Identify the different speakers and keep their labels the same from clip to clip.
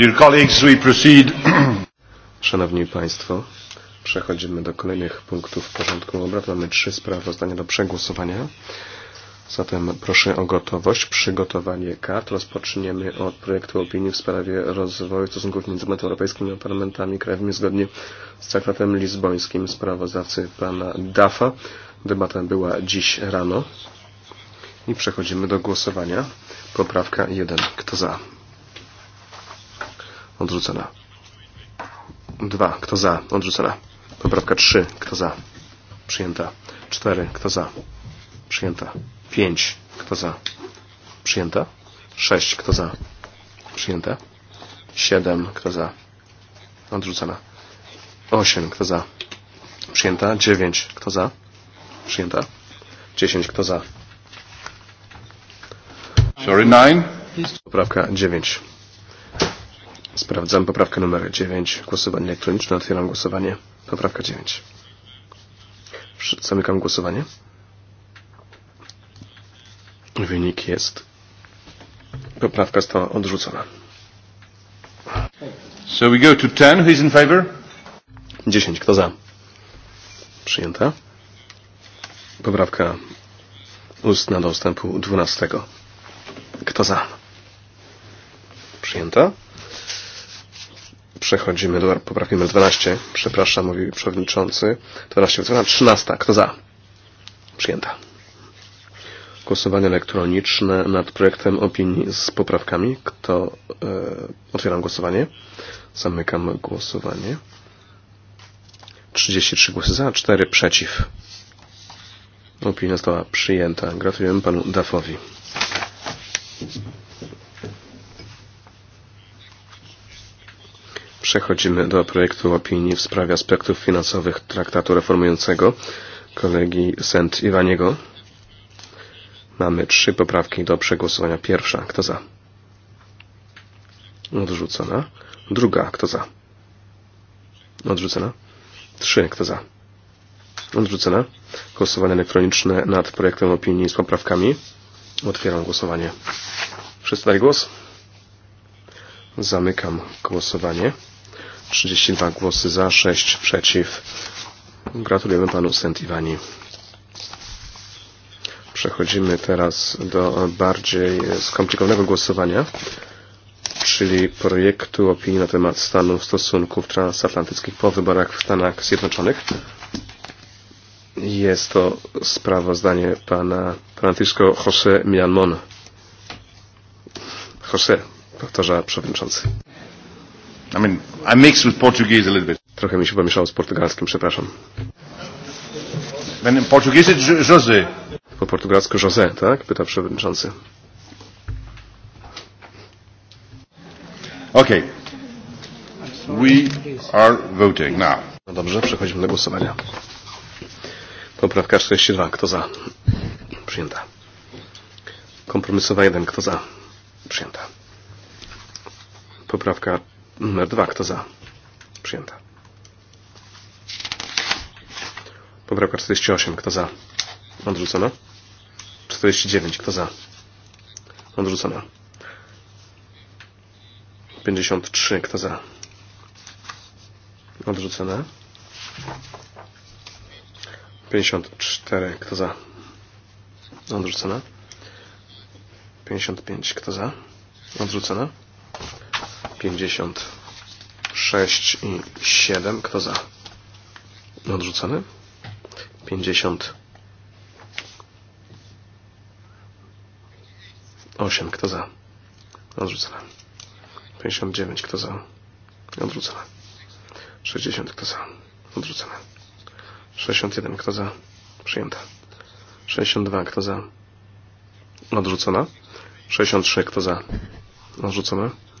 Speaker 1: Dear colleagues, we proceed. Szanowni Państwo, przechodzimy do kolejnych punktów porządku obrad. Mamy trzy sprawozdania do przegłosowania. Zatem proszę o gotowość, przygotowanie kart. Rozpoczniemy od projektu opinii w sprawie rozwoju stosunków między Unią Europejską a parlamentami krajowymi zgodnie z traktatem lizbońskim sprawozdawcy pana Dafa. Debata była dziś rano. I przechodzimy do głosowania. Poprawka 1. Kto za? Odrzucona. 2. Kto za? Odrzucona. Poprawka 3. Kto za? Przyjęta. 4. Kto za? Przyjęta. 5. Kto za? Przyjęta. 6. Kto za? Przyjęta. 7. Kto za? Odrzucona. 8. Kto za? Przyjęta. 9. Kto za? Przyjęta. 10. Kto za? Sorry, 9. Poprawka 9. Sprawdzam poprawkę numer 9. Głosowanie elektroniczne. Otwieram głosowanie. Poprawka 9. Zamykam głosowanie. Wynik jest. Poprawka została odrzucona. So we go to 10. Who's in favor? 10. Kto za? Przyjęta. Poprawka ustna do ustępu 12. Kto za? Przyjęta. Przechodzimy do poprawki numer 12. Przepraszam, mówi przewodniczący. 12, 12, 13. Kto za? Przyjęta. Głosowanie elektroniczne nad projektem opinii z poprawkami. Kto... Yy, e, otwieram głosowanie. Zamykam głosowanie. 33 głosy za, 4 przeciw. Opinia została przyjęta. Gratulujemy panu Dafowi. Przechodzimy do projektu opinii w sprawie aspektów finansowych traktatu reformującego kolegi Sent Iwaniego. Mamy trzy poprawki do przegłosowania. Pierwsza, kto za? Odrzucona. Druga, kto za? Odrzucona. Trzy, kto za? Odrzucona. Głosowanie elektroniczne nad projektem opinii z poprawkami. Otwieram głosowanie. Wszyscy dali głos? Zamykam głosowanie. 32 głosy za, 6 przeciw. Gratulujemy panu Sentiwani. Przechodzimy teraz do bardziej skomplikowanego głosowania, czyli projektu opinii na temat stanu stosunków transatlantyckich po wyborach w Stanach Zjednoczonych. Jest to sprawozdanie pana Francisco José Mianmon. José, powtarza przewodniczący. I mean, I mixed with Portuguese a little bit. Trochę mi się pomieszało z portugalskim, przepraszam. Będę portugiesy José. Po portugalsku José, tak? Pyta przewodniczący. Okay. We are voting now. No dobrze, przechodzimy do głosowania. Poprawka 42, kto za? Przyjęta. Kompromisowa 1, kto za? Przyjęta. Poprawka Numer 2. Kto za? Przyjęta. Poprawka 48. Kto za? Odrzucona. 49. Kto za? Odrzucona. 53. Kto za? Odrzucona. 54. Kto za? Odrzucona. 55. Kto za? Odrzucona. 56 i 7. Kto za? Odrzucony. 58. Kto za? Odrzucony. 59. Kto za? Odrzucony. 60. Kto za? Odrzucony. 61. Kto za? Przyjęta. 62. Kto za? Odrzucona. 63. Kto za? Odrzucona.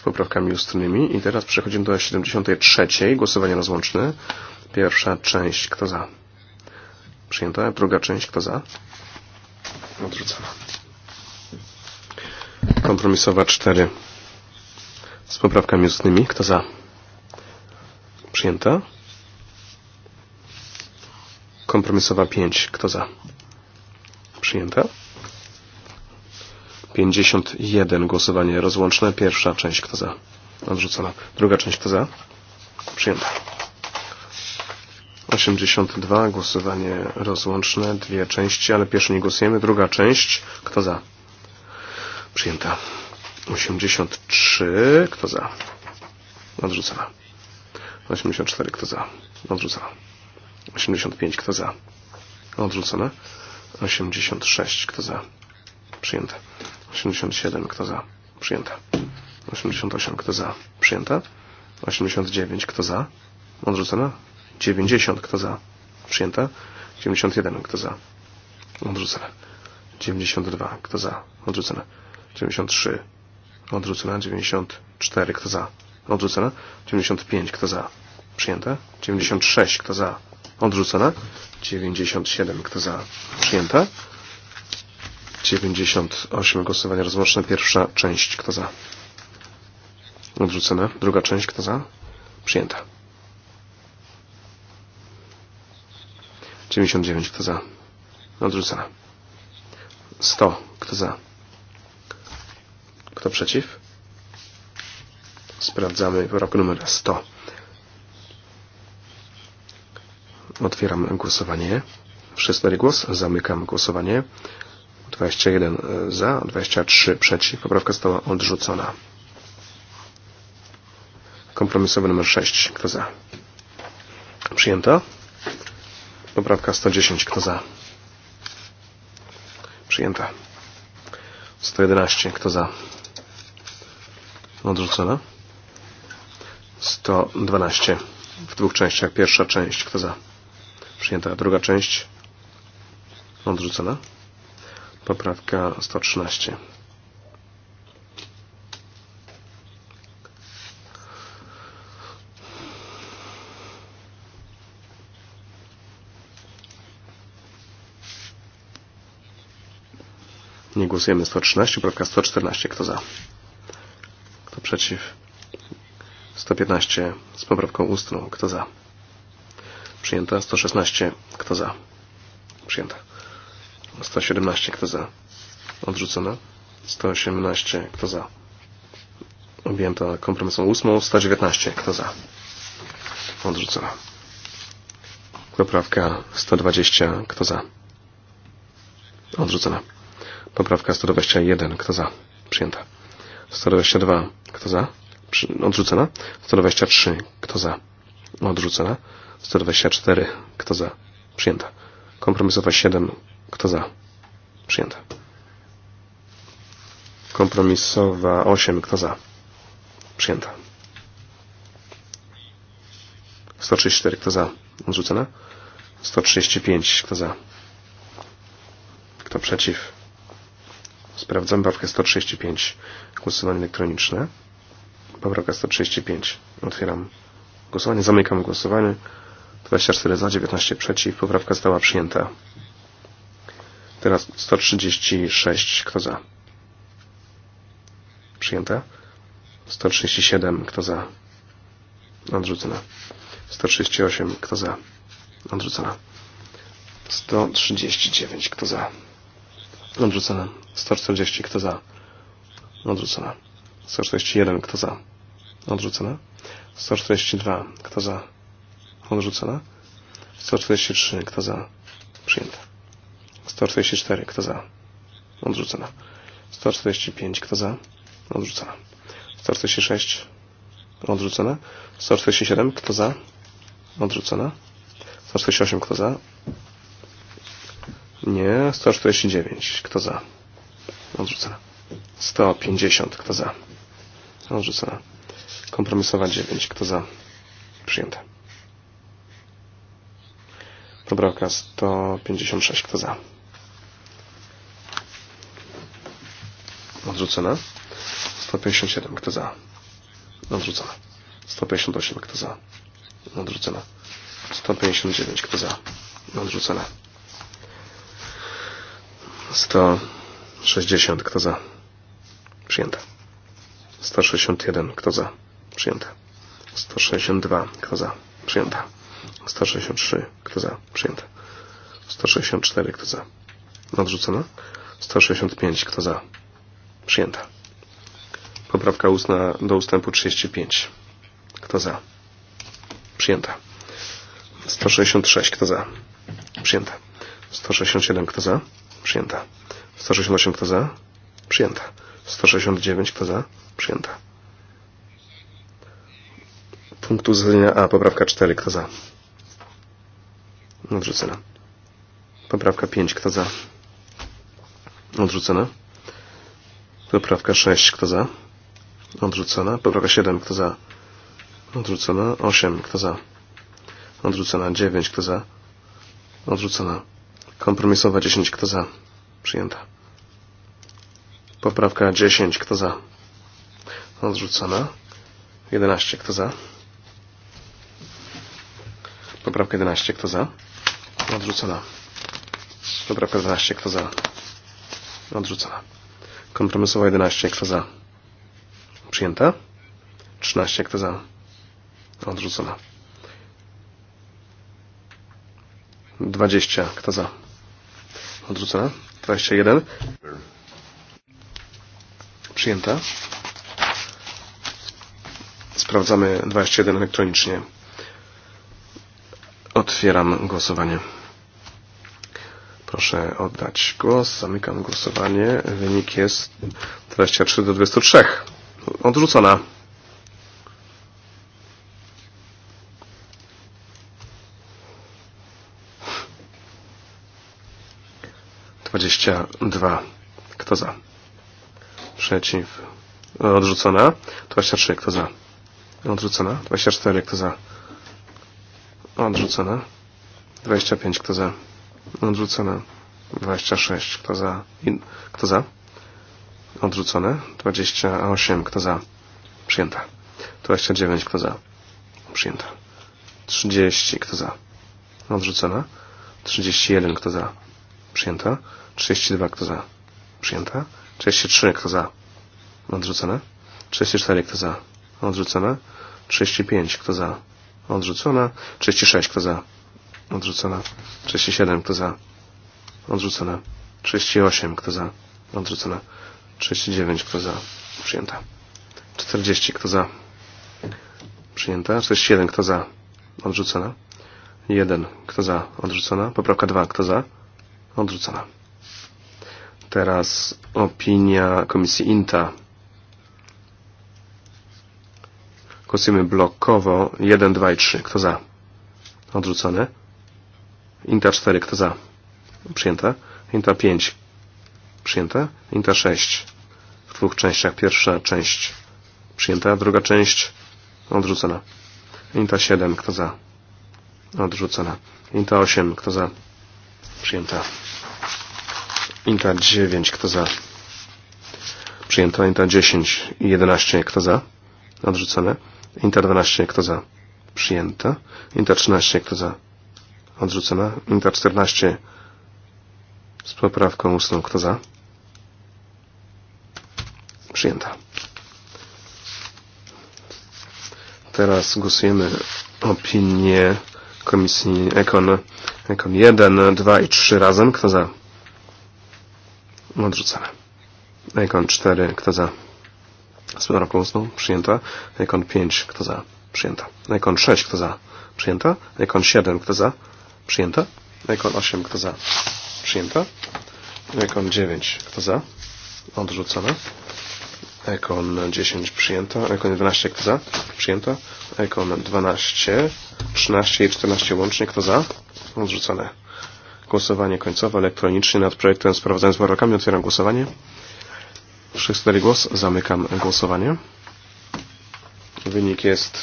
Speaker 1: z poprawkami ustnymi. I teraz przechodzimy do 73. Głosowanie rozłączne. Pierwsza część, kto za? Przyjęta. Druga część, kto za? Odrzucona. Kompromisowa 4 z poprawkami ustnymi. Kto za? Przyjęta. Kompromisowa 5. Kto za? Przyjęta. 51. Głosowanie rozłączne. Pierwsza część kto za? Odrzucona. Druga część kto za? Przyjęta. 82. Głosowanie rozłączne. Dwie części, ale pierwszą nie głosujemy. Druga część kto za? Przyjęta. 83. Kto za? Odrzucona. 84. Kto za? Odrzucona. 85. Kto za? Odrzucona. 86. Kto za? Przyjęte. 87 kto za? Przyjęta. 88 kto za? Przyjęta. 89 kto za? Odrzucona. 90 kto za? Przyjęta. 91 kto za? Odrzucona. 92 kto za? Odrzucona. 93 odrzucona. 94 kto za? Odrzucona. 95 kto za? Przyjęta. 96 kto za? Odrzucona. 97 kto za? Przyjęta. 98 głosowania rozłączne. Pierwsza część, kto za? Odrzucona. Druga część, kto za? Przyjęta. 99, kto za? Odrzucona. 100, kto za? Kto przeciw? Sprawdzamy poprawkę numer 100. Otwieram głosowanie. Wszyscy głos. Zamykam głosowanie. 21 e, za, 23 przeciw. Poprawka została odrzucona. Kompromisowy numer 6. Kto za? Przyjęto. Poprawka 110. Kto za? Przyjęta. 111. Kto za? Odrzucona. 112. W dwóch częściach. Pierwsza część. Kto za? Przyjęta. Druga część. Odrzucona. Poprawka 113. Nie głosujemy 113, poprawka 114. Kto za? Kto przeciw? 115 z poprawką ustną. Kto za? Przyjęta. 116. Kto za? Przyjęta. 117 kto za. Odrzucona. 118 kto za. Objęta kompromisą 8. 119 kto za. Odrzucona. Poprawka 120 kto za. Odrzucona. Poprawka 121 kto za. Przyjęta. 122 kto za. Odrzucona. 123 kto za. Odrzucona. 124 kto za. Przyjęta. Kompromisowa 7 Kto za? Przyjęte. Kompromisowa 8. Kto za? Przyjęta. 134. Kto za? Odrzucona. 135. Kto za? Kto przeciw? Sprawdzam bawkę 135. Głosowanie elektroniczne. Poprawka 135. Otwieram głosowanie. Zamykam głosowanie. 24 za, 19 przeciw. Poprawka została przyjęta. Teraz 136, kto za? Przyjęte. 137, kto za? Odrzucona. 138, kto za? Odrzucona. 139, kto za? Odrzucona. 140, kto za? Odrzucona. 141, kto za? Odrzucona. 142, kto za? Odrzucona. 143, kto za? Przyjęta. 144. Kto za? Odrzucona. 145. Kto za? Odrzucona. 146. Odrzucona. 147. Kto za? Odrzucona. 148. Kto za? Nie. 149. Kto za? Odrzucona. 150. Kto za? Odrzucona. Kompromisowa 9. Kto za? Przyjęte. Poprawka 156. Kto za? odrzucona. 157, kto za? Odrzucona. 158, kto za? Odrzucona. 159, kto za? Odrzucona. 160, kto za? Przyjęta. 161, kto za? Przyjęta. 162, kto za? Przyjęta. 163, kto za? Przyjęta. 164, kto za? Odrzucona. 165, kto za? Przyjęta. Poprawka ustna do ustępu 35. Kto za? Przyjęta. 166. Kto za? Przyjęta. 167. Kto za? Przyjęta. 168. Kto za? Przyjęta. 169. Kto za? Przyjęta. Punkt uzasadnienia A. Poprawka 4. Kto za? Odrzucona. Poprawka 5. Kto za? Odrzucona. Poprawka 6, kto za? Odrzucona. Poprawka 7, kto za? Odrzucona. 8, kto za? Odrzucona. 9, kto za? Odrzucona. Kompromisowa 10, kto za? Przyjęta. Poprawka 10, kto za? Odrzucona. 11, kto za? Poprawka 11, kto za? Odrzucona. Poprawka 12, kto za? Odrzucona. Kompromisowa 11, kto za? Przyjęta? 13, kto za? Odrzucona. 20, kto za? Odrzucona. 21. Przyjęta. Sprawdzamy 21 elektronicznie. Otwieram głosowanie. Proszę oddać głos. Zamykam głosowanie. Wynik jest 23 do 23. Odrzucona. Dwadzieścia dwa. Kto za? Przeciw. Odrzucona. Dwadzieścia trzy. Kto za? Odrzucona. Dwadzieścia cztery. Kto za? Odrzucona. Dwadzieścia pięć. Kto za? Odrzucone. 26. Kto za? In, kto za? Odrzucone. 28. Kto za? Przyjęta. 29. Kto za? Przyjęta. 30. Kto za? Odrzucona. 31. Kto za? Przyjęta. 32. Kto za? Przyjęta. 33. Kto za? Odrzucona. 34. Kto za? Odrzucona. 35. Kto za? Odrzucona. 36. Kto za? odrzucona. 37, kto za, odrzucona. 38, kto za, odrzucona. 39, kto za, przyjęta. 40, kto za, przyjęta. 41, kto za, odrzucona. 1, kto za, odrzucona. Poprawka 2, kto za, odrzucona. Teraz opinia komisji INTA. Głosujemy blokowo 1, 2 i 3. Kto za? Odrzucone. Inta 4, kto za? Przyjęte. Inta 5, przyjęte. Inta 6, w dwóch częściach. Pierwsza część przyjęta, druga część odrzucona. Inta 7, kto za? Odrzucona. Inta 8, kto za? Przyjęta. Inta 9, kto za? Przyjęta. Inta 10 i 11, kto za? Odrzucone. Inta 12, kto za? Przyjęta. Inta 13, kto za? Odrzucona. Inter 14 z poprawką ustną. Kto za? Przyjęta. Teraz głosujemy opinię Komisji Ekon, Ekon 1, 2 i 3 razem. Kto za? Odrzucone. Ekon 4. Kto za? Z poprawką ustną. Przyjęta. Ekon 5. Kto za? Przyjęta. Ekon 6. Kto za? Przyjęta. Ekon 7. Kto za? Przyjęta. Ekon 8, kto za? Przyjęta. Ekon 9, kto za? Odrzucona. Ekon 10 przyjęta, Ekon 11 kto za? Przyjęta. Ekon 12, 13 i 14 łącznie kto za? Odrzucone. Głosowanie końcowe elektronicznie nad projektem sprawdzając z marokami. Otwieram głosowanie. Wszyscy dali głos. Zamykam głosowanie. Wynik jest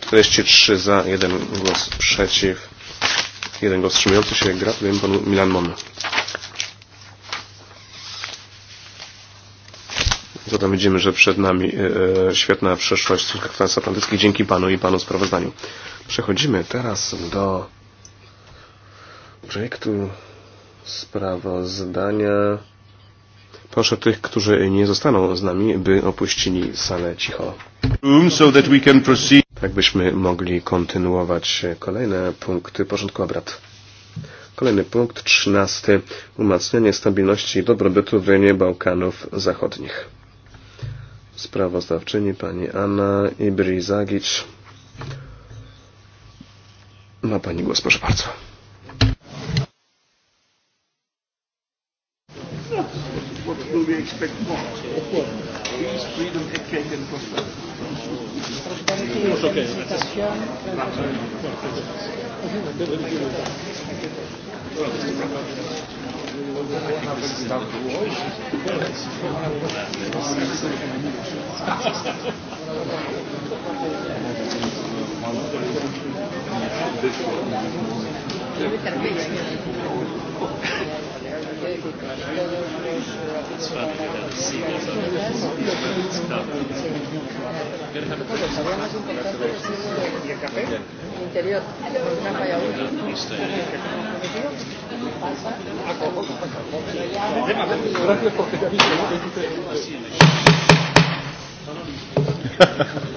Speaker 1: 43 za, 1 głos przeciw jeden go wstrzymujący się. Gratuluję panu Milan Mon. Zatem widzimy, że przed nami e, e świetna przyszłość w stosunkach transatlantyckich dzięki panu i panu sprawozdaniu. Przechodzimy teraz do projektu sprawozdania. Proszę tych, którzy nie zostaną z nami, by opuścili salę cicho. Room so that we can proceed jakbyśmy mogli kontynuować kolejne punkty porządku obrad. Kolejny punkt, trzynasty. Umacnianie stabilności i dobrobytu w rejonie Bałkanów Zachodnich. Sprawozdawczyni pani Anna Ibrizagicz. Ma pani głos, proszę bardzo. What do we expect more? Peace, freedom, equity and prosperity. It's okay. Thank you. Es war wieder der Sieger seines Kampfes. Interior, una falla única.
Speaker 2: Gracias porque te aviso, ¿no? 23.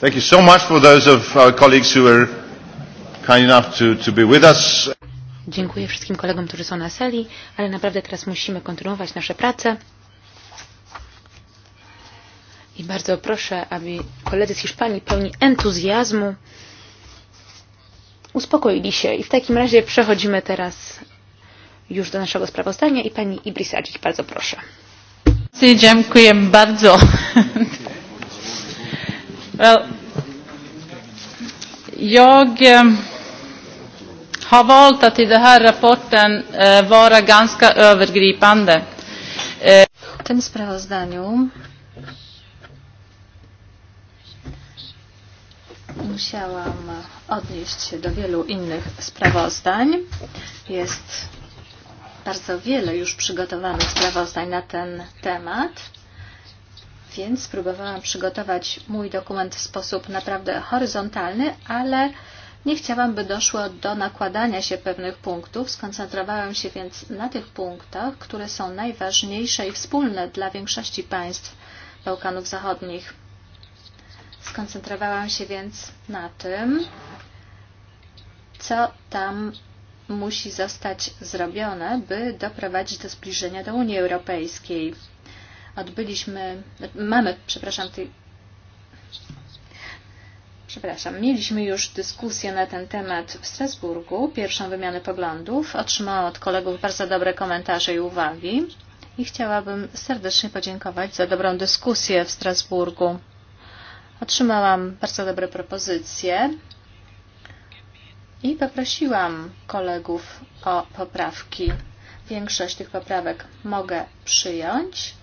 Speaker 2: Thank you so
Speaker 3: much for those of our colleagues who were kind enough to, to be with us.
Speaker 2: Dziękuję wszystkim kolegom, którzy są na sali, ale naprawdę teraz musimy kontynuować nasze prace. I bardzo proszę, aby koledzy z Hiszpanii pełni entuzjazmu uspokoili się. I w takim razie przechodzimy teraz już do naszego sprawozdania i pani Ibris Adzik, bardzo proszę.
Speaker 3: Dziękuję bardzo. well, jag... Um har valt att i den här rapporten eh, vara ganska övergripande. Eh. W tym sprawozdaniu musiałam odnieść się do wielu innych sprawozdań. Jest bardzo wiele już przygotowanych sprawozdań na ten temat, więc próbowałam przygotować mój dokument w sposób naprawdę horyzontalny, ale Nie chciałam, by doszło do nakładania się pewnych punktów, skoncentrowałem się więc na tych punktach, które są najważniejsze i wspólne dla większości państw Bałkanów Zachodnich. Skoncentrowałam się więc na tym, co tam musi zostać zrobione, by doprowadzić do zbliżenia do Unii Europejskiej. Odbyliśmy, mamy, przepraszam, w tej przepraszam, mieliśmy już dyskusję na ten temat w Strasburgu, pierwszą wymianę poglądów. Otrzymałam od kolegów bardzo dobre komentarze i uwagi i chciałabym serdecznie podziękować za dobrą dyskusję w Strasburgu. Otrzymałam bardzo dobre propozycje i poprosiłam kolegów o poprawki. Większość tych poprawek mogę przyjąć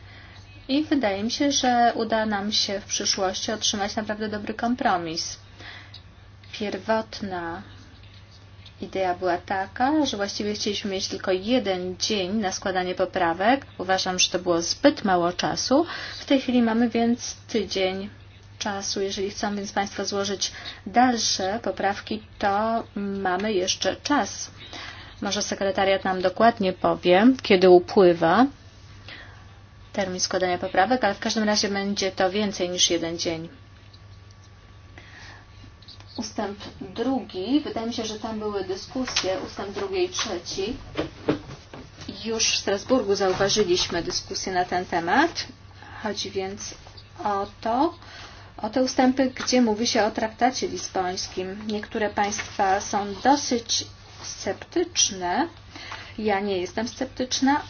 Speaker 3: i wydaje mi się, że uda nam się w przyszłości otrzymać naprawdę dobry kompromis. Pierwotna idea była taka, że właściwie chcieliśmy mieć tylko jeden dzień na składanie poprawek. Uważam, że to było zbyt mało czasu. W tej chwili mamy więc tydzień czasu. Jeżeli chcą więc Państwo złożyć dalsze poprawki, to mamy jeszcze czas. Może sekretariat nam dokładnie powie, kiedy upływa termin składania poprawek, ale w każdym razie będzie to więcej niż jeden dzień. Ustęp drugi, wydaje mi się, że tam były dyskusje, ustęp drugi i trzeci. Już w Strasburgu zauważyliśmy dyskusję na ten temat. Chodzi więc o to, o te ustępy, gdzie mówi się o traktacie lisbońskim. Niektóre państwa są dosyć sceptyczne. Ja nie jestem sceptyczna,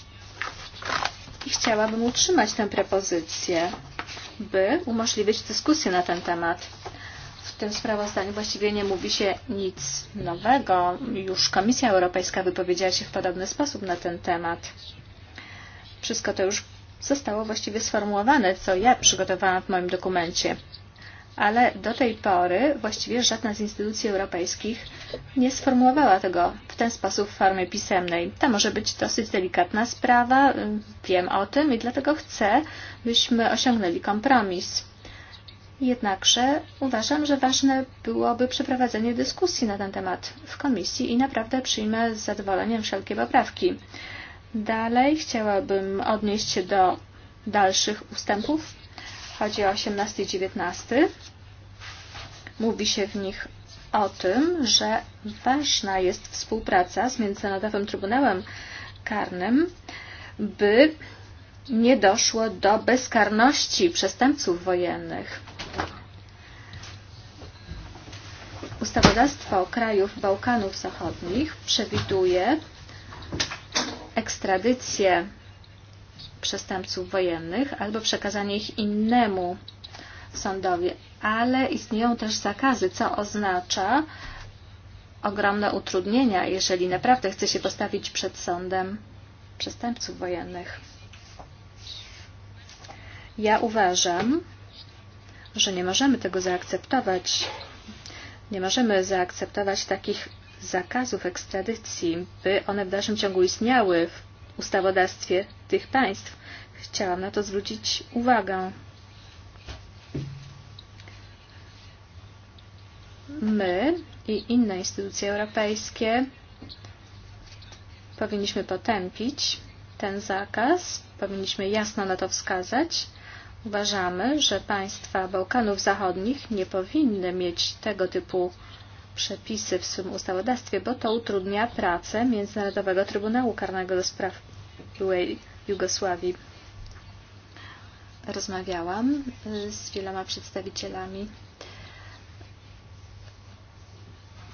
Speaker 3: chciałabym utrzymać tę propozycję, by umożliwić dyskusję na ten temat. W tym sprawozdaniu właściwie nie mówi się nic nowego. Już Komisja Europejska wypowiedziała się w podobny sposób na ten temat. Wszystko to już zostało właściwie sformułowane, co ja przygotowałam w moim dokumencie ale do tej pory właściwie żadna z instytucji europejskich nie sformułowała tego w ten sposób w formie pisemnej. To może być dosyć delikatna sprawa, wiem o tym i dlatego chcę, byśmy osiągnęli kompromis. Jednakże uważam, że ważne byłoby przeprowadzenie dyskusji na ten temat w komisji i naprawdę przyjmę z zadowoleniem wszelkie poprawki. Dalej chciałabym odnieść się do dalszych ustępów chodzie o 18 i 19, mówi się w nich o tym, że ważna jest współpraca z Międzynarodowym Trybunałem Karnym, by nie doszło do bezkarności przestępców wojennych. Ustawodawstwo krajów Bałkanów Zachodnich przewiduje ekstradycję przestępców wojennych albo przekazanie ich innemu sądowi, ale istnieją też zakazy, co oznacza ogromne utrudnienia, jeżeli naprawdę chce się postawić przed sądem przestępców wojennych. Ja uważam, że nie możemy tego zaakceptować. Nie możemy zaakceptować takich zakazów ekstradycji, by one w dalszym ciągu istniały w ustawodawstwie tych państw. Chciałam na to zwrócić uwagę. My i inne instytucje europejskie powinniśmy potępić ten zakaz, powinniśmy jasno na to wskazać. Uważamy, że państwa Bałkanów Zachodnich nie powinny mieć tego typu przepisy w swym ustawodawstwie, bo to utrudnia pracę Międzynarodowego Trybunału Karnego do Spraw byłej Jugosławii. Rozmawiałam z wieloma przedstawicielami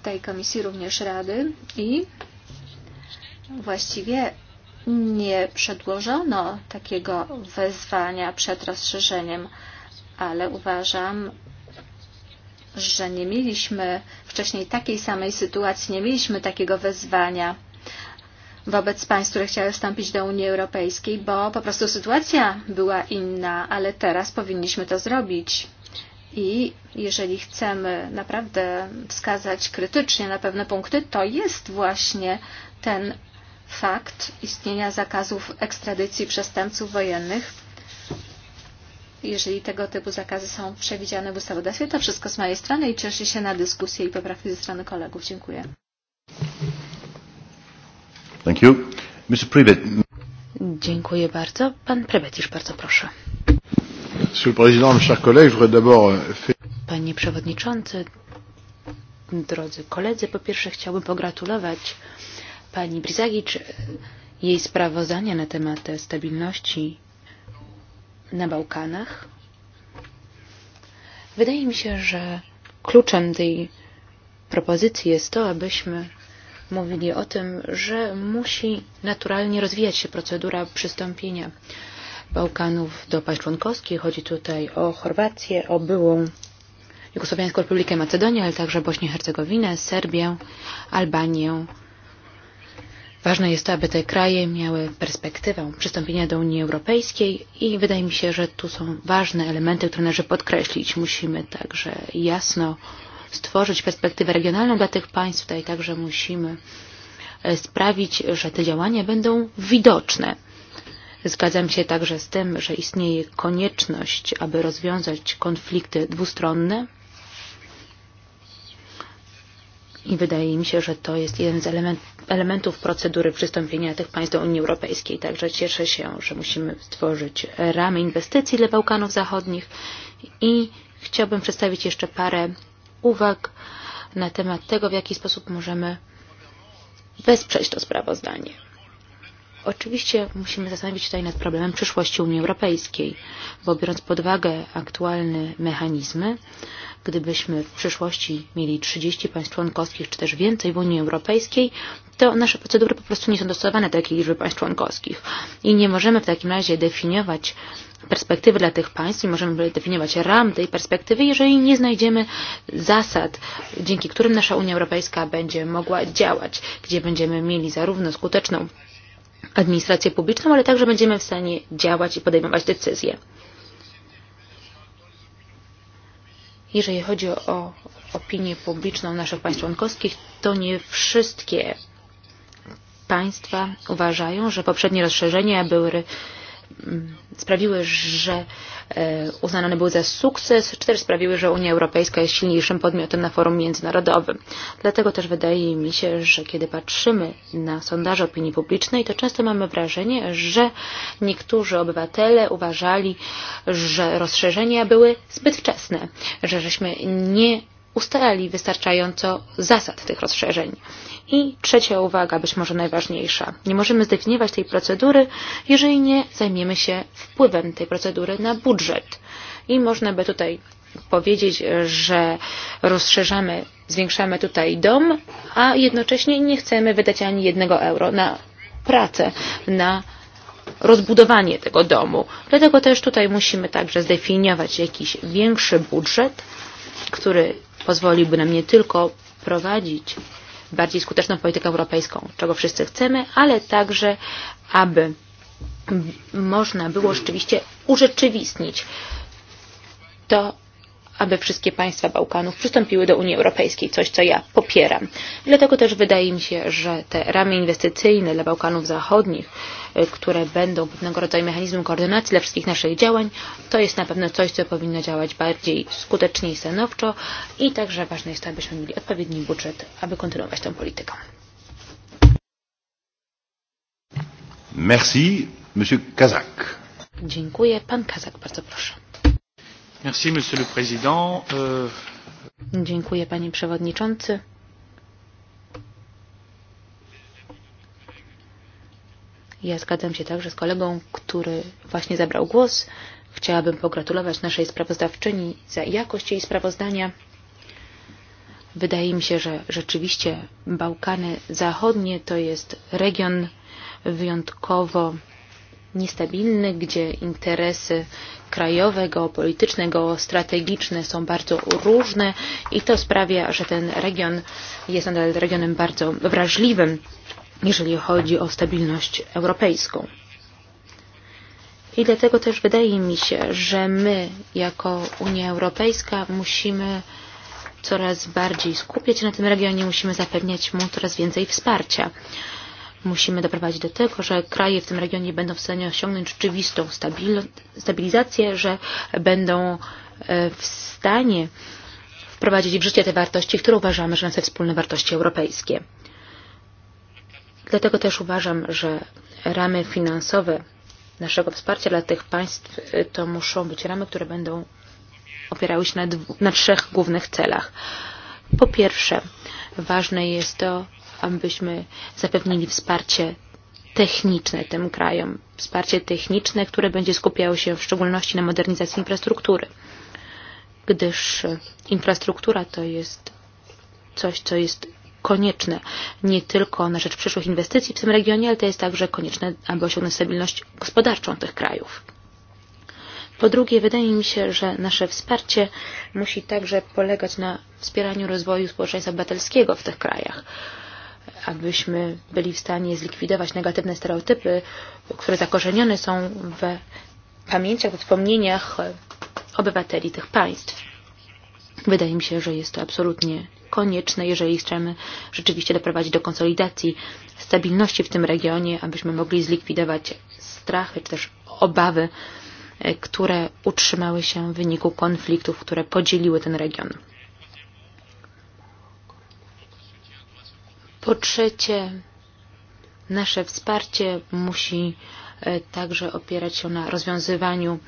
Speaker 3: tej komisji, również Rady i właściwie nie przedłożono takiego wezwania przed rozszerzeniem, ale uważam, że nie mieliśmy wcześniej takiej samej sytuacji, nie mieliśmy takiego wezwania wobec państw, które chciały wstąpić do Unii Europejskiej, bo po prostu sytuacja była inna, ale teraz powinniśmy to zrobić. I jeżeli chcemy naprawdę wskazać krytycznie na pewne punkty, to jest właśnie ten fakt istnienia zakazów ekstradycji przestępców wojennych jeżeli tego typu zakazy są przewidziane w ustawodawstwie. To wszystko z mojej strony i cieszę się na dyskusję i poprawki ze strony kolegów. Dziękuję. Thank you. Mr. Privet.
Speaker 2: Dziękuję bardzo. Pan Prybet już bardzo proszę.
Speaker 3: Monsieur le Président, mes chers collègues, je d'abord... Euh,
Speaker 2: Panie Przewodniczący, drodzy koledzy, po pierwsze chciałbym pogratulować pani Brizagicz e, jej sprawozdania na temat e, stabilności na Bałkanach. Wydaje mi się, że kluczem tej propozycji jest to, abyśmy mówili o tym, że musi naturalnie rozwijać się procedura przystąpienia Bałkanów do państw członkowskich. Chodzi tutaj o Chorwację, o byłą Jugosłowiańską Republikę Macedonii, ale także Bośnię i Hercegowinę, Serbię, Albanię, Ważne jest to, aby te kraje miały perspektywę przystąpienia do Unii Europejskiej i wydaje mi się, że tu są ważne elementy, które należy podkreślić. Musimy także jasno stworzyć perspektywę regionalną dla tych państw, tutaj także musimy e, sprawić, że te działania będą widoczne. Zgadzam się także z tym, że istnieje konieczność, aby rozwiązać konflikty dwustronne I wydaje mi się, że to jest jeden z element, elementów procedury przystąpienia tych państw do Unii Europejskiej. Także cieszę się, że musimy stworzyć ramy inwestycji dla Bałkanów Zachodnich i chciałbym przedstawić jeszcze parę uwag na temat tego, w jaki sposób możemy wesprzeć to sprawozdanie. Oczywiście musimy zastanowić się tutaj nad problemem przyszłości Unii Europejskiej, bo biorąc pod uwagę aktualne mechanizmy, gdybyśmy w przyszłości mieli 30 państw członkowskich czy też więcej w Unii Europejskiej, to nasze procedury po prostu nie są dostosowane do takiej liczby państw członkowskich i nie możemy w takim razie definiować perspektywy dla tych państw i możemy definiować ram tej perspektywy, jeżeli nie znajdziemy zasad, dzięki którym nasza Unia Europejska będzie mogła działać, gdzie będziemy mieli zarówno skuteczną administrację publiczną, ale także będziemy w stanie działać i podejmować decyzje. Jeżeli chodzi o opinię publiczną naszych państw członkowskich, to nie wszystkie państwa uważają, że poprzednie rozszerzenia były Mm, sprawiły, że e, uznane one były za sukces, cztery sprawiły, że Unia Europejska jest silniejszym podmiotem na forum międzynarodowym. Dlatego też wydaje mi się, że kiedy patrzymy na sondaże opinii publicznej, to często mamy wrażenie, że niektórzy obywatele uważali, że rozszerzenia były zbyt wczesne, że żeśmy nie ustalali wystarczająco zasad tych rozszerzeń. I trzecia uwaga, być może najważniejsza. Nie możemy zdefiniować tej procedury, jeżeli nie zajmiemy się wpływem tej procedury na budżet. I można by tutaj powiedzieć, że rozszerzamy, zwiększamy tutaj dom, a jednocześnie nie chcemy wydać ani jednego euro na pracę, na rozbudowanie tego domu. Dlatego też tutaj musimy także zdefiniować jakiś większy budżet, który pozwoliłby nam nie tylko prowadzić bardziej skuteczną politykę europejską, czego wszyscy chcemy, ale także, aby można było rzeczywiście urzeczywistnić to, aby wszystkie państwa Bałkanów przystąpiły do Unii Europejskiej, coś co ja popieram. Dlatego też wydaje mi się, że te ramy inwestycyjne dla Bałkanów Zachodnich, które będą pewnego rodzaju mechanizmem koordynacji dla wszystkich naszych działań, to jest na pewno coś, co powinno działać bardziej skutecznie i stanowczo i także ważne jest to, abyśmy mieli odpowiedni budżet, aby kontynuować tę politykę.
Speaker 3: Merci, monsieur Kazak.
Speaker 2: Dziękuję. Pan Kazak, bardzo proszę.
Speaker 3: Merci, monsieur le président. Euh,
Speaker 2: Dziękuję, panie przewodniczący. Ja zgadzam się także z kolegą, który właśnie zabrał głos. Chciałabym pogratulować naszej sprawozdawczyni za jakość jej sprawozdania. Wydaje mi się, że rzeczywiście Bałkany Zachodnie to jest region wyjątkowo niestabilny, gdzie interesy krajowego, politycznego, strategiczne są bardzo różne i to sprawia, że ten region jest nadal regionem bardzo wrażliwym, jeżeli chodzi o stabilność europejską. I dlatego też wydaje mi się, że my jako Unia Europejska musimy coraz bardziej skupiać się na tym regionie, musimy zapewniać mu coraz więcej wsparcia. Musimy doprowadzić do tego, że kraje w tym regionie będą w stanie osiągnąć rzeczywistą stabilizację, że będą e, w stanie wprowadzić w życie te wartości, które uważamy, że są wspólne wartości europejskie. Dlatego też uważam, że ramy finansowe naszego wsparcia dla tych państw e, to muszą być ramy, które będą opierały się na, dwu, na trzech głównych celach. Po pierwsze, ważne jest to, abyśmy zapewnili wsparcie techniczne tym krajom, wsparcie techniczne, które będzie skupiało się w szczególności na modernizacji infrastruktury, gdyż infrastruktura to jest coś, co jest konieczne nie tylko na rzecz przyszłych inwestycji w tym regionie, ale to jest także konieczne, aby osiągnąć stabilność gospodarczą tych krajów. Po drugie, wydaje mi się, że nasze wsparcie musi także polegać na wspieraniu rozwoju społeczeństwa obywatelskiego w tych krajach abyśmy byli w stanie zlikwidować negatywne stereotypy, które zakorzenione są w pamięciach, we wspomnieniach obywateli tych państw. Wydaje mi się, że jest to absolutnie konieczne, jeżeli chcemy rzeczywiście doprowadzić do konsolidacji stabilności w tym regionie, abyśmy mogli zlikwidować strachy czy też obawy, e, które utrzymały się w wyniku konfliktów, które podzieliły ten region. Po trzecie, nasze wsparcie musi e, także opierać się na rozwiązywaniu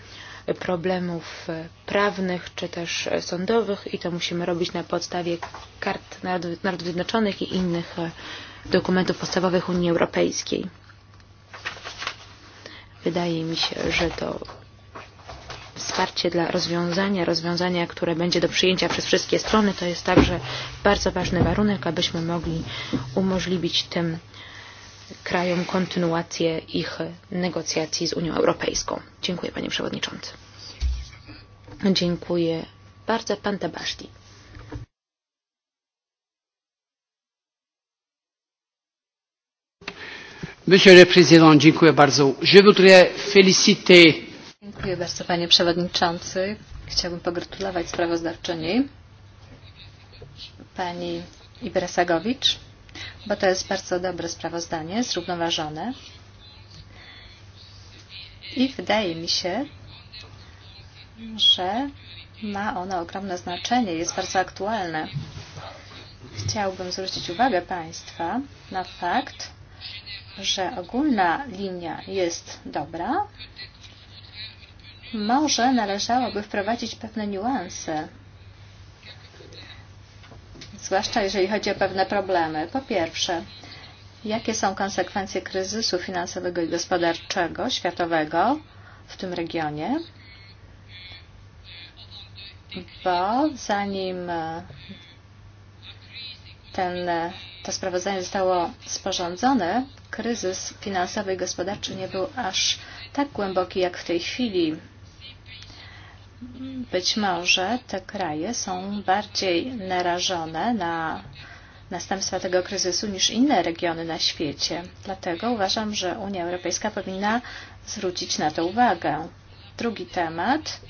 Speaker 2: problemów e, prawnych czy też e, sądowych i to musimy robić na podstawie kart Narodów, Narodów Zjednoczonych i innych dokumentów podstawowych Unii Europejskiej. Wydaje mi się, że to wsparcie dla rozwiązania, rozwiązania, które będzie do przyjęcia przez wszystkie strony. To jest także bardzo ważny warunek, abyśmy mogli umożliwić tym krajom kontynuację ich negocjacji z Unią Europejską. Dziękuję Panie Przewodniczący. Dziękuję bardzo Pan Tabaszti.
Speaker 3: Monsieur le Président, dziękuję bardzo. Je voudrais féliciter Dziękuję bardzo Panie Przewodniczący. Chciałbym pogratulować sprawozdawczyni Pani Ibrasagowicz, bo to jest bardzo dobre sprawozdanie, zrównoważone. I wydaje mi się, że ma ono ogromne znaczenie, jest bardzo aktualne. Chciałbym zwrócić uwagę Państwa na fakt, że ogólna linia jest dobra, Może należałoby wprowadzić pewne niuanse, zwłaszcza jeżeli chodzi o pewne problemy. Po pierwsze, jakie są konsekwencje kryzysu finansowego i gospodarczego światowego w tym regionie? Bo zanim ten, to sprawozdanie zostało sporządzone, kryzys finansowy i gospodarczy nie był aż tak głęboki jak w tej chwili być może te kraje są bardziej narażone na następstwa tego kryzysu niż inne regiony na świecie. Dlatego uważam, że Unia Europejska powinna zwrócić na to uwagę. Drugi temat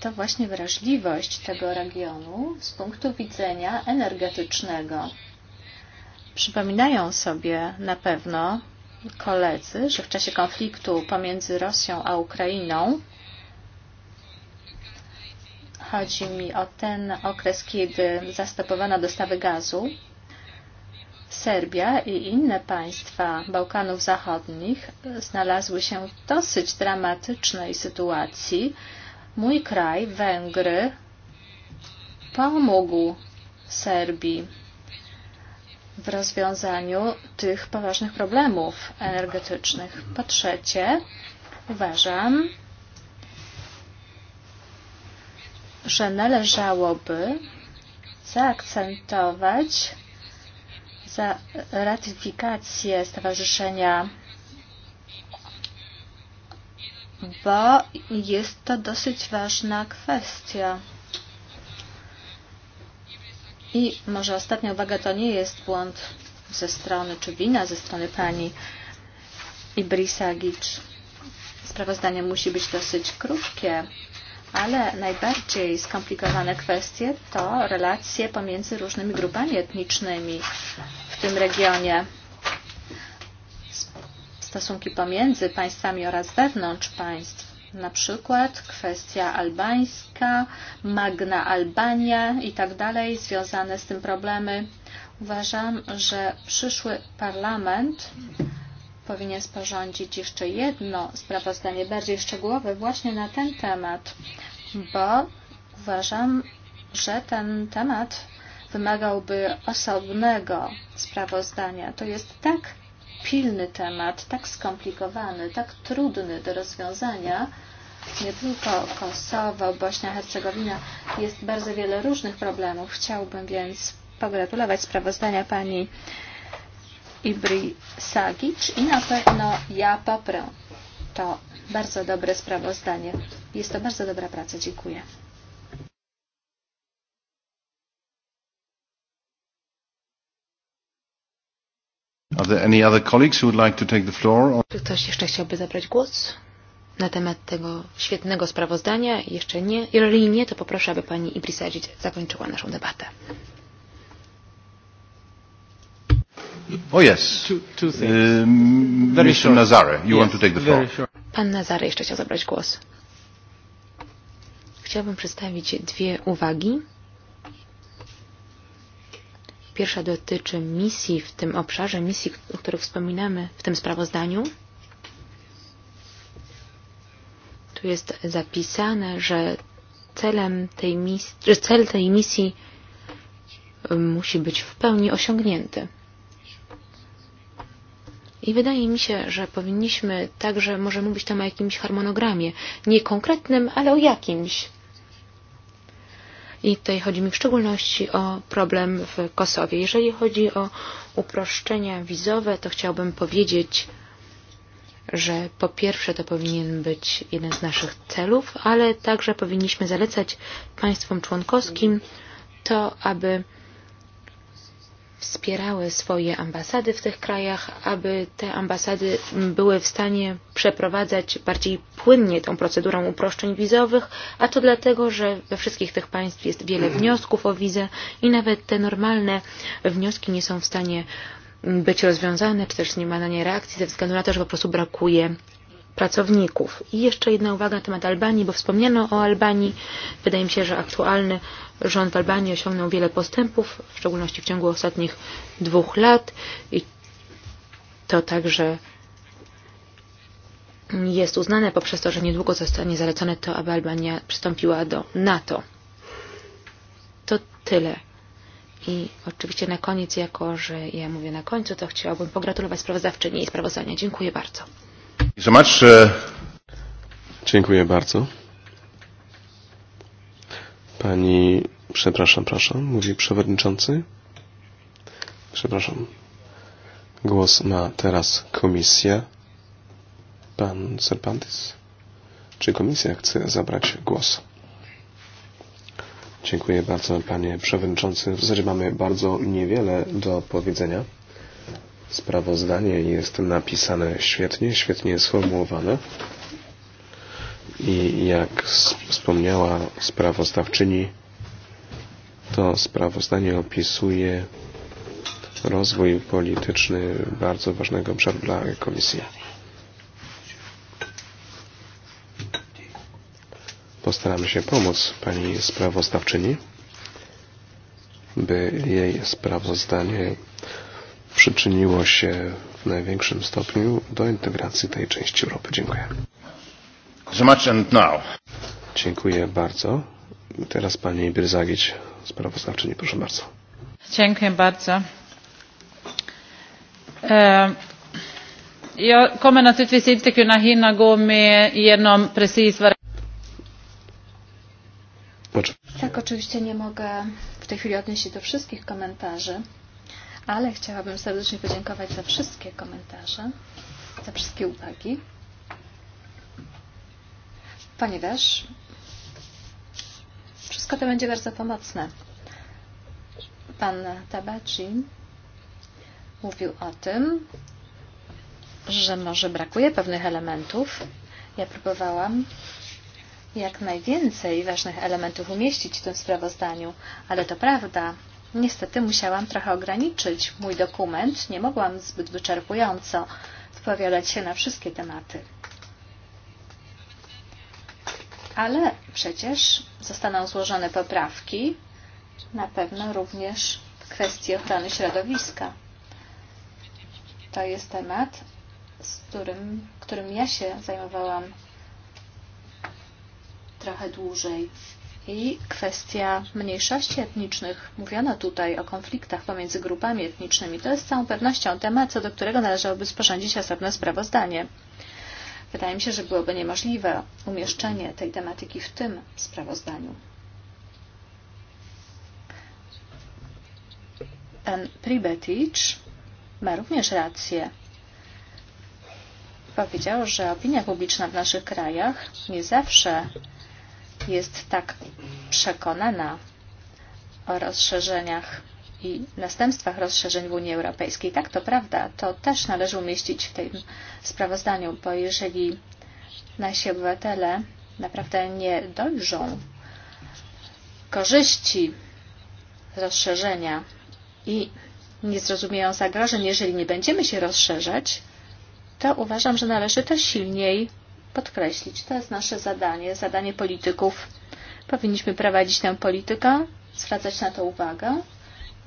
Speaker 3: to właśnie wrażliwość tego regionu z punktu widzenia energetycznego. Przypominają sobie na pewno koledzy, że w czasie konfliktu pomiędzy Rosją a Ukrainą chodzi mi o ten okres, kiedy zastopowano dostawy gazu. Serbia i inne państwa Bałkanów Zachodnich znalazły się w dosyć dramatycznej sytuacji. Mój kraj, Węgry, pomógł Serbii w rozwiązaniu tych poważnych problemów energetycznych. Po trzecie, uważam, należałoby zaakcentować za ratyfikację stowarzyszenia, bo jest to dosyć ważna kwestia. I może ostatnia uwaga, to nie jest błąd ze strony, czy wina ze strony pani Ibrisagic. Sprawozdanie musi być dosyć krótkie, ale najbardziej skomplikowane kwestie to relacje pomiędzy różnymi grupami etnicznymi w tym regionie. Stosunki pomiędzy państwami oraz wewnątrz państw. Na przykład kwestia albańska, Magna Albania i tak dalej, związane z tym problemy. Uważam, że przyszły parlament powinien sporządzić jeszcze jedno sprawozdanie bardziej szczegółowe właśnie na ten temat, bo uważam, że ten temat wymagałby osobnego sprawozdania. To jest tak pilny temat, tak skomplikowany, tak trudny do rozwiązania. Nie tylko Kosowo, Bośnia, Hercegowina. Jest bardzo wiele różnych problemów. Chciałbym więc pogratulować sprawozdania pani Ibry Sagic i na pewno ja poprę to bardzo dobre sprawozdanie. Jest to bardzo dobra praca. Dziękuję.
Speaker 1: Are there any other colleagues who would like to take the floor? Or...
Speaker 2: Czy ktoś jeszcze chciałby zabrać głos na temat tego świetnego sprawozdania? Jeszcze nie. Jeżeli nie, to poproszę, aby pani Ibrisadzic zakończyła naszą debatę.
Speaker 1: Oh, yes. Two, two things. Um, Very Mr. Sure. Nazare, you yes, want to take the floor. Sure.
Speaker 2: Pan Nazary jeszcze chciał zabrać głos. Chciałbym przedstawić dwie uwagi. Pierwsza dotyczy misji w tym obszarze, misji, o których wspominamy w tym sprawozdaniu. Tu jest zapisane, że celem tej misji, że cel tej misji um, musi być w pełni osiągnięty. I wydaje mi się, że powinniśmy także może mówić tam o jakimś harmonogramie. Nie konkretnym, ale o jakimś. I tutaj chodzi mi w szczególności o problem w Kosowie. Jeżeli chodzi o uproszczenia wizowe, to chciałbym powiedzieć, że po pierwsze to powinien być jeden z naszych celów, ale także powinniśmy zalecać państwom członkowskim to, aby wspierały swoje ambasady w tych krajach, aby te ambasady były w stanie przeprowadzać bardziej płynnie tą procedurę uproszczeń wizowych, a to dlatego, że we wszystkich tych państw jest wiele mm. wniosków o wizę i nawet te normalne wnioski nie są w stanie być rozwiązane, czy też nie ma na nie reakcji ze względu na to, że po prostu brakuje pracowników. I jeszcze jedna uwaga na temat Albanii, bo wspomniano o Albanii. Wydaje mi się, że aktualny rząd w Albanii osiągnął wiele postępów, w szczególności w ciągu ostatnich dwóch lat. I to także jest uznane poprzez to, że niedługo zostanie zalecone to, aby Albania przystąpiła do NATO. To tyle. I oczywiście na koniec, jako że ja mówię na końcu, to chciałabym pogratulować sprawozdawczyni i sprawozdania. Dziękuję bardzo.
Speaker 1: So much, uh... Dziękuję bardzo. Pani, przepraszam, przepraszam, mówi przewodniczący. Przepraszam. Głos ma teraz komisja. Pan Serpantis. Czy komisja chce zabrać głos? Dziękuję bardzo, panie przewodniczący. W zasadzie mamy bardzo niewiele do powiedzenia. Sprawozdanie jest napisane świetnie, świetnie sformułowane. I jak wspomniała sprawozdawczyni, to sprawozdanie opisuje rozwój polityczny bardzo ważnego obszaru dla Komisji. Postaramy się pomóc pani sprawozdawczyni, by jej sprawozdanie przyczyniło się w największym stopniu do integracji tej części Europy. Dziękuję. So much and now. Dziękuję bardzo. Teraz pani Bryzagić, sprawozdawczyni, proszę bardzo. Dziękuję bardzo. E ehm,
Speaker 2: Jag kommer naturligtvis inte kunna hinna gå med igenom precis varje...
Speaker 3: Tak, oczywiście nie mogę w tej chwili odnieść się do wszystkich komentarzy, ale chciałabym serdecznie podziękować za wszystkie komentarze, za wszystkie uwagi, ponieważ wszystko to będzie bardzo pomocne. Pan Tabaci mówił o tym, że może brakuje pewnych elementów. Ja próbowałam jak najwięcej ważnych elementów umieścić w tym sprawozdaniu, ale to prawda, Niestety musiałam trochę ograniczyć mój dokument, nie mogłam zbyt wyczerpująco wypowiadać się na wszystkie tematy. Ale przecież zostaną złożone poprawki, na pewno również kwestii ochrony środowiska. To jest temat, z którym, którym ja się zajmowałam trochę dłużej i kwestia mniejszości etnicznych. Mówiono tutaj o konfliktach pomiędzy grupami etnicznymi. To jest z całą pewnością temat, co do którego należałoby sporządzić osobne sprawozdanie. Wydaje mi się, że byłoby niemożliwe umieszczenie tej tematyki w tym sprawozdaniu. Pan Pribetic ma również rację. Powiedział, że opinia publiczna w naszych krajach nie zawsze jest tak przekonana o rozszerzeniach i następstwach rozszerzeń w Unii Europejskiej. Tak, to prawda, to też należy umieścić w tym sprawozdaniu, bo jeżeli nasi obywatele naprawdę nie dojrzą korzyści rozszerzenia i nie zrozumieją zagrożeń, jeżeli nie będziemy się rozszerzać, to uważam, że należy to silniej podkreślić. To jest nasze zadanie, zadanie polityków. Powinniśmy prowadzić tę politykę, zwracać na to uwagę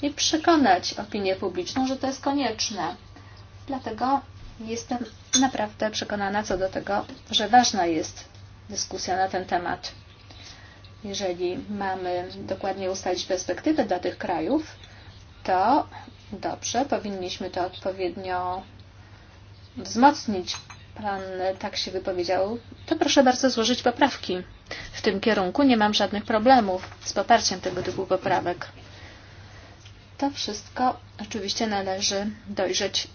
Speaker 3: i przekonać opinię publiczną, że to jest konieczne. Dlatego jestem naprawdę przekonana co do tego, że ważna jest dyskusja na ten temat. Jeżeli mamy dokładnie ustalić perspektywę dla tych krajów, to dobrze, powinniśmy to odpowiednio wzmocnić Pan tak się wypowiedział, to proszę bardzo złożyć poprawki w tym kierunku. Nie mam żadnych problemów z poparciem tego typu poprawek. To wszystko oczywiście należy dojrzeć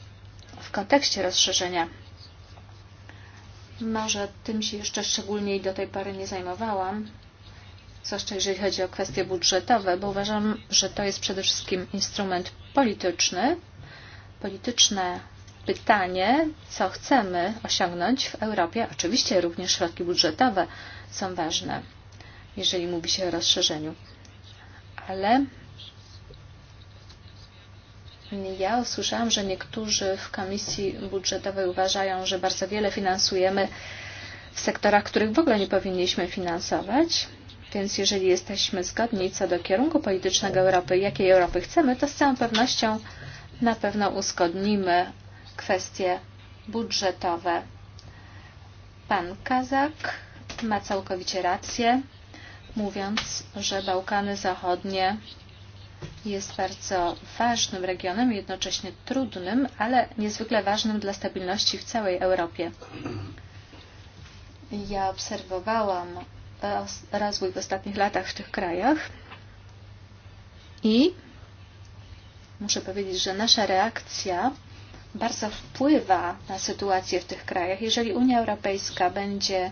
Speaker 3: w kontekście rozszerzenia. Może tym się jeszcze szczególniej do tej pory nie zajmowałam, zwłaszcza jeżeli chodzi o kwestie budżetowe, bo uważam, że to jest przede wszystkim instrument polityczny. Polityczne pytanie, co chcemy osiągnąć w Europie. Oczywiście również środki budżetowe są ważne, jeżeli mówi się o rozszerzeniu. Ale ja usłyszałam, że niektórzy w Komisji Budżetowej uważają, że bardzo wiele finansujemy w sektorach, których w ogóle nie powinniśmy finansować. Więc jeżeli jesteśmy zgodni co do kierunku politycznego Europy, jakiej Europy chcemy, to z całą pewnością na pewno uzgodnimy kwestie budżetowe. Pan Kazak ma całkowicie rację, mówiąc, że Bałkany Zachodnie jest bardzo ważnym regionem, jednocześnie trudnym, ale niezwykle ważnym dla stabilności w całej Europie. Ja obserwowałam rozwój w ostatnich latach w tych krajach i muszę powiedzieć, że nasza reakcja bardzo wpływa na sytuację w tych krajach. Jeżeli Unia Europejska będzie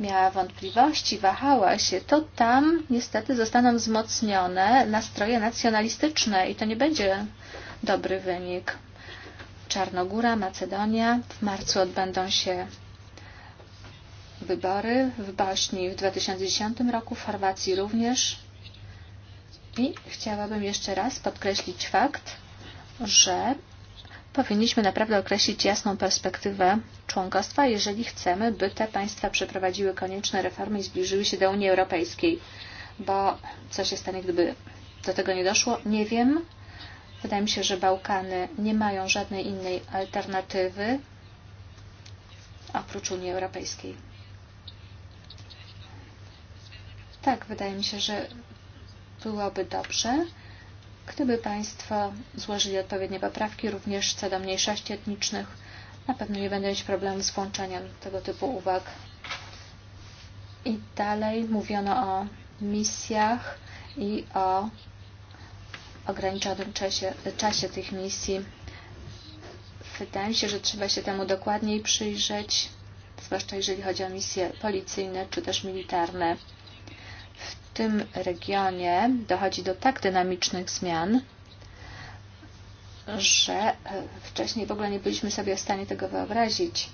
Speaker 3: miała wątpliwości, wahała się, to tam niestety zostaną wzmocnione nastroje nacjonalistyczne i to nie będzie dobry wynik. Czarnogóra, Macedonia. W marcu odbędą się wybory w Bośni w 2010 roku, w Chorwacji również. I chciałabym jeszcze raz podkreślić fakt, że powinniśmy naprawdę określić jasną perspektywę członkostwa, jeżeli chcemy, by te państwa przeprowadziły konieczne reformy i zbliżyły się do Unii Europejskiej. Bo co się stanie, gdyby do tego nie doszło? Nie wiem. Wydaje mi się, że Bałkany nie mają żadnej innej alternatywy oprócz Unii Europejskiej. Tak, wydaje mi się, że byłoby dobrze, Gdyby Państwo złożyli odpowiednie poprawki również co do mniejszości etnicznych, na pewno nie będę mieć problemu z włączeniem tego typu uwag. I dalej mówiono o misjach i o ograniczonym czasie, czasie tych misji. Wydaje mi się, że trzeba się temu dokładniej przyjrzeć, zwłaszcza jeżeli chodzi o misje policyjne czy też militarne tym regionie dochodzi do tak dynamicznych zmian, że e, wcześniej w ogóle nie byliśmy sobie w stanie tego wyobrazić.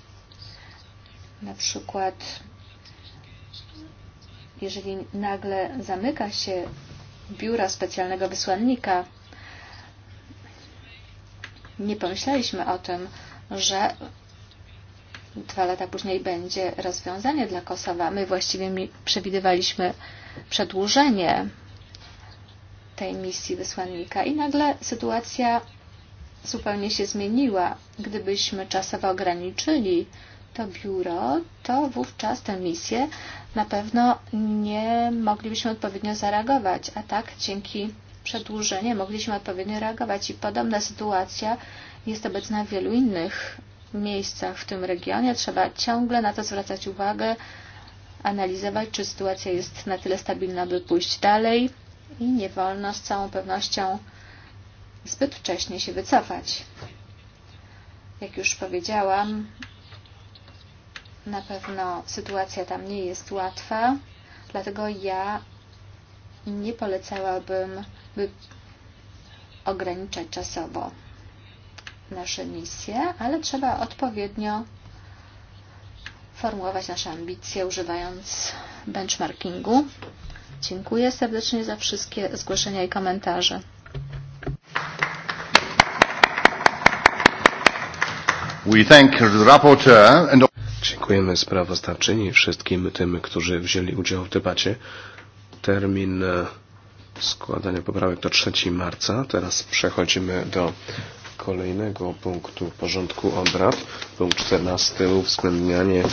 Speaker 3: Na przykład, jeżeli nagle zamyka się biura specjalnego wysłannika, nie pomyśleliśmy o tym, że dwa lata później będzie rozwiązanie dla Kosowa. My właściwie przewidywaliśmy przedłużenie tej misji wysłannika i nagle sytuacja zupełnie się zmieniła. Gdybyśmy czasowo ograniczyli to biuro, to wówczas tę misję na pewno nie moglibyśmy odpowiednio zareagować, a tak dzięki przedłużeniu mogliśmy odpowiednio reagować i podobna sytuacja jest obecna w wielu innych miejscach w tym regionie. Trzeba ciągle na to zwracać uwagę, analizować, czy sytuacja jest na tyle stabilna, by pójść dalej i nie wolno z całą pewnością zbyt wcześnie się wycofać. Jak już powiedziałam, na pewno sytuacja tam nie jest łatwa, dlatego ja nie polecałabym, by ograniczać czasowo nasze misje, ale trzeba odpowiednio formułować nasze ambicje używając benchmarkingu. Dziękuję serdecznie za wszystkie zgłoszenia i komentarze.
Speaker 1: We thank the rapporteur and... Dziękujemy sprawozdawczyni wszystkim tym, którzy wzięli udział w debacie. Termin e, składania poprawek to 3 marca. Teraz przechodzimy do kolejnego punktu porządku obrad, punkt 14, uwzględnianie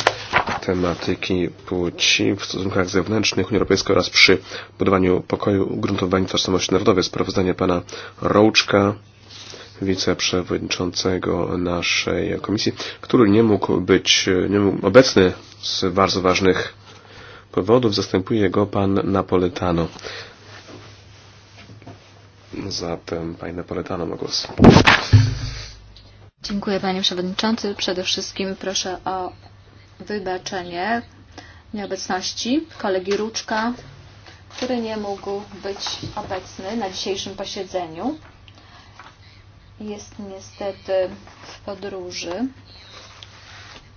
Speaker 1: tematyki płci w stosunkach zewnętrznych Unii Europejskiej oraz przy budowaniu pokoju, ugruntowaniu tożsamości narodowej. Sprawozdanie pana Rołczka, wiceprzewodniczącego naszej komisji, który nie mógł być nie mógł obecny z bardzo ważnych powodów. Zastępuje go pan Napoletano. Zatem pani Napoletano ma głos.
Speaker 3: Dziękuję panie przewodniczący. Przede wszystkim proszę o wybaczenie nieobecności kolegi Ruczka, który nie mógł być obecny na dzisiejszym posiedzeniu. Jest niestety w podróży.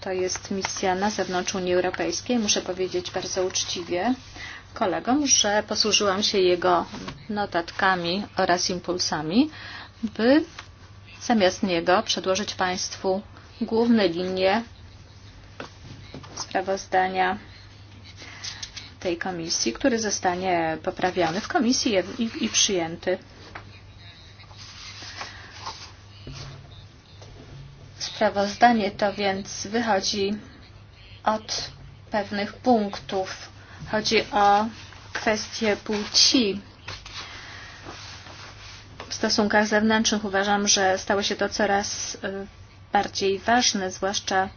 Speaker 3: To jest misja na zewnątrz Unii Europejskiej. Muszę powiedzieć bardzo uczciwie, kolegom, że posłużyłam się jego notatkami oraz impulsami, by zamiast niego przedłożyć Państwu główne linie sprawozdania tej komisji, który zostanie poprawiony w komisji i, i przyjęty. Sprawozdanie to więc wychodzi od pewnych punktów Chodzi o kwestię płci. W stosunkach zewnętrznych uważam, że stało się to coraz bardziej ważne, zwłaszcza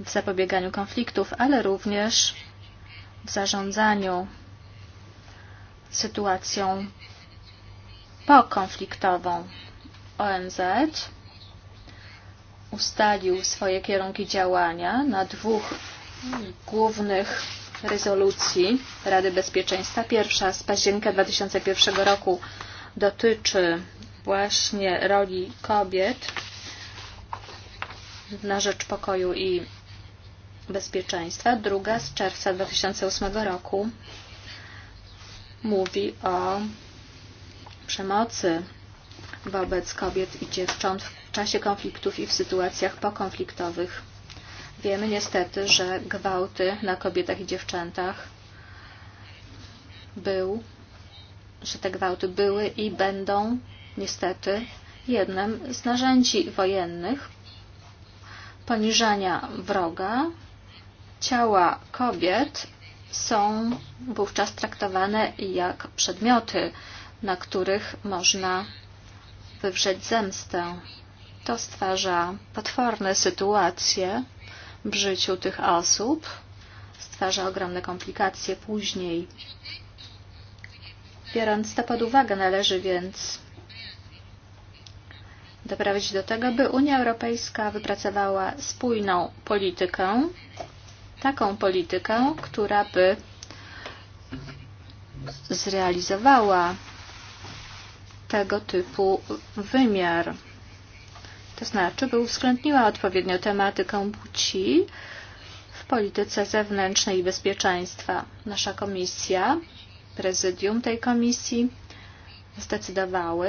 Speaker 3: w zapobieganiu konfliktów, ale również w zarządzaniu sytuacją pokonfliktową. ONZ ustalił swoje kierunki działania na dwóch głównych rezolucji Rady Bezpieczeństwa, pierwsza z października 2001 roku, dotyczy właśnie roli kobiet na rzecz pokoju i bezpieczeństwa. Druga z czerwca 2008 roku mówi o przemocy wobec kobiet i dziewcząt w czasie konfliktów i w sytuacjach pokonfliktowych. Wiemy niestety, że gwałty na kobietach i dziewczętach był, że te gwałty były i będą niestety jednym z narzędzi wojennych poniżania wroga. Ciała kobiet są wówczas traktowane jak przedmioty, na których można wywrzeć zemstę. To stwarza potworne sytuacje w życiu tych osób. Stwarza ogromne komplikacje później. Biorąc to pod uwagę, należy więc doprowadzić do tego, by Unia Europejska wypracowała spójną politykę, taką politykę, która by zrealizowała tego typu wymiar to znaczy, by uwzględniła odpowiednio tematykę płci w polityce zewnętrznej i bezpieczeństwa. Nasza komisja, prezydium tej komisji zdecydowały,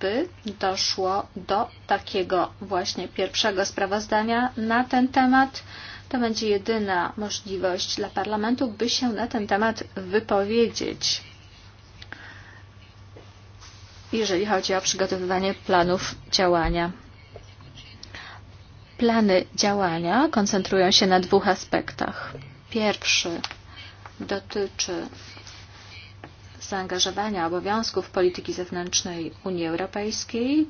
Speaker 3: by doszło do takiego właśnie pierwszego sprawozdania na ten temat. To będzie jedyna możliwość dla parlamentu, by się na ten temat wypowiedzieć jeżeli chodzi o przygotowywanie planów działania. Plany działania koncentrują się na dwóch aspektach. Pierwszy dotyczy zaangażowania obowiązków polityki zewnętrznej Unii Europejskiej.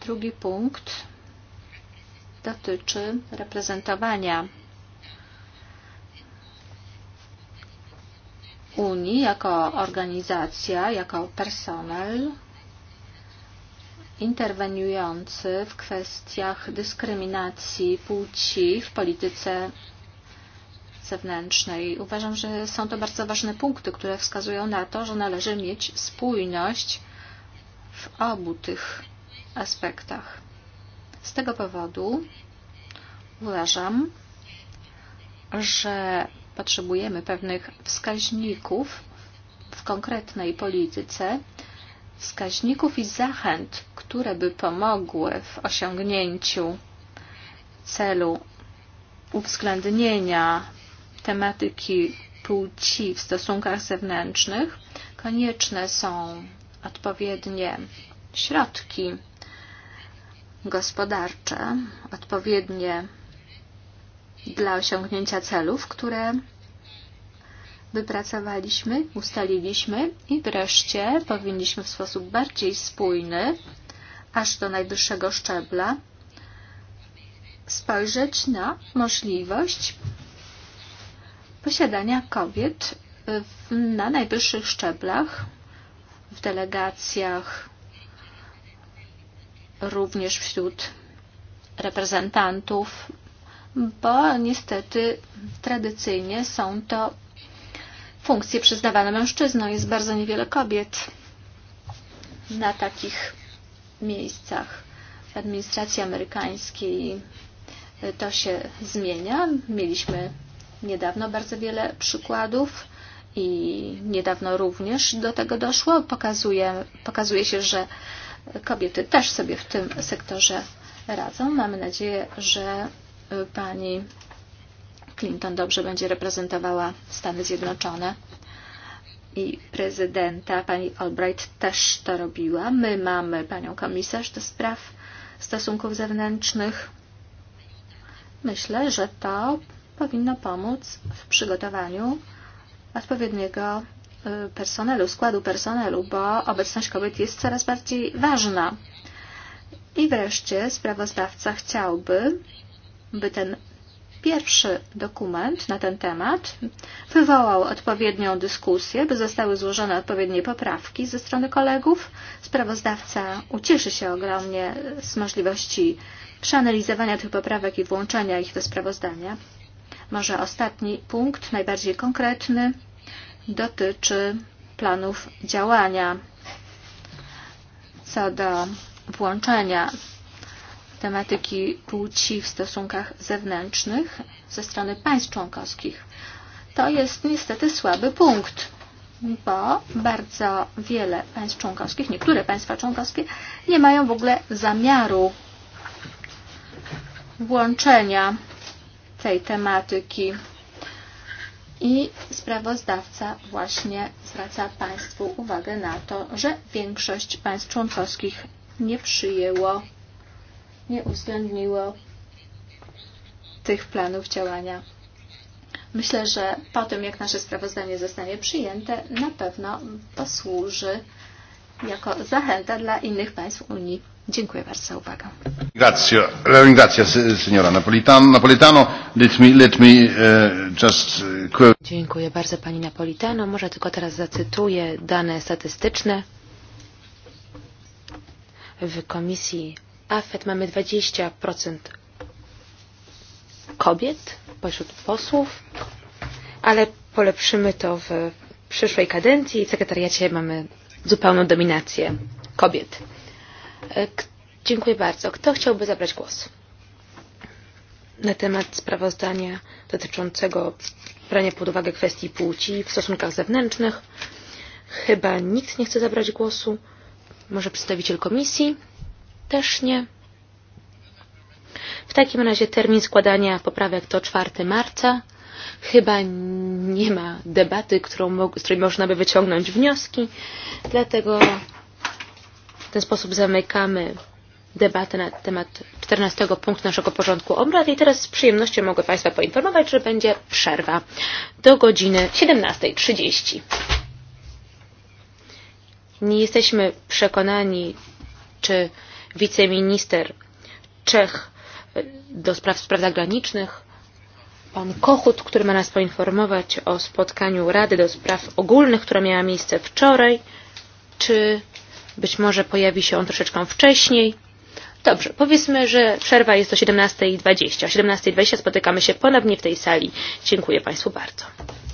Speaker 3: Drugi punkt dotyczy reprezentowania Unii jako organizacja, jako personel interweniujący w kwestiach dyskryminacji płci w polityce zewnętrznej. Uważam, że są to bardzo ważne punkty, które wskazują na to, że należy mieć spójność w obu tych aspektach. Z tego powodu uważam, że potrzebujemy pewnych wskaźników w konkretnej polityce, wskaźników i zachęt które by pomogły w osiągnięciu celu uwzględnienia tematyki płci w stosunkach zewnętrznych, konieczne e są odpowiednie środki e. gospodarcze, odpowiednie dla e. osiągnięcia celów, które wypracowaliśmy, ustaliliśmy i wreszcie powinniśmy w sposób bardziej spójny aż do najwyższego szczebla, spojrzeć na możliwość posiadania kobiet w, na najwyższych szczeblach, w delegacjach, również wśród reprezentantów, bo niestety tradycyjnie są to funkcje przyznawane mężczyznom. Jest bardzo niewiele kobiet na takich miejscach w administracji amerykańskiej e, to się zmienia. Mieliśmy niedawno bardzo wiele przykładów i niedawno również do tego doszło. Pokazuje, pokazuje się, że kobiety też sobie w tym sektorze radzą. Mamy nadzieję, że e, pani Clinton dobrze będzie reprezentowała Stany Zjednoczone i prezydenta pani Albright też to robiła. My mamy panią komisarz do spraw stosunków zewnętrznych. Myślę, że to powinno pomóc w przygotowaniu odpowiedniego personelu, składu personelu, bo obecność kobiet jest coraz bardziej ważna. I wreszcie sprawozdawca chciałby, by ten Pierwszy dokument na ten temat wywołał odpowiednią dyskusję, by zostały złożone odpowiednie poprawki ze strony kolegów. Sprawozdawca ucieszy się ogromnie z możliwości przeanalizowania tych poprawek i włączenia ich do sprawozdania. Może ostatni punkt, najbardziej konkretny, dotyczy planów działania co do włączenia tematyki płci w stosunkach zewnętrznych ze strony państw członkowskich. To jest niestety słaby punkt, bo bardzo wiele państw członkowskich, niektóre państwa członkowskie nie mają w ogóle zamiaru włączenia tej tematyki. I sprawozdawca właśnie zwraca Państwu uwagę na to, że większość państw członkowskich nie przyjęło nie uwzględniło tych planów działania. Myślę, że po tym, jak nasze sprawozdanie zostanie przyjęte, na pewno posłuży jako zachęta dla innych państw Unii. Dziękuję bardzo za uwagę.
Speaker 1: Grazie, ringrazio signora Napolitano. Napolitano let me, let me, uh, just... E,
Speaker 2: Dziękuję bardzo pani Napolitano. Może tylko teraz zacytuję dane statystyczne. W komisji AFET mamy 20% kobiet pośród posłów, ale polepszymy to w przyszłej kadencji i w sekretariacie mamy zupełną dominację kobiet. E, k dziękuję bardzo. Kto chciałby zabrać głos na temat sprawozdania dotyczącego brania pod uwagę kwestii płci w stosunkach zewnętrznych? Chyba nikt nie chce zabrać głosu. Może przedstawiciel komisji? Tecznie. W takim razie termin składania poprawek to 4 marca. Chyba nie ma debaty, którą, z której można by wyciągnąć wnioski, dlatego w ten sposób zamykamy debatę na temat 14 punktu naszego porządku obrad i teraz z przyjemnością mogę Państwa poinformować, że będzie przerwa do godziny 17.30. Nie jesteśmy przekonani, czy wiceminister Czech e, do spraw spraw zagranicznych, pan Kochut, który ma nas poinformować o spotkaniu Rady do Spraw Ogólnych, która miała miejsce wczoraj, czy być może pojawi się on troszeczkę wcześniej. Dobrze, powiedzmy, że przerwa jest do 17.20. O 17.20 spotykamy się ponownie w tej sali. Dziękuję Państwu bardzo.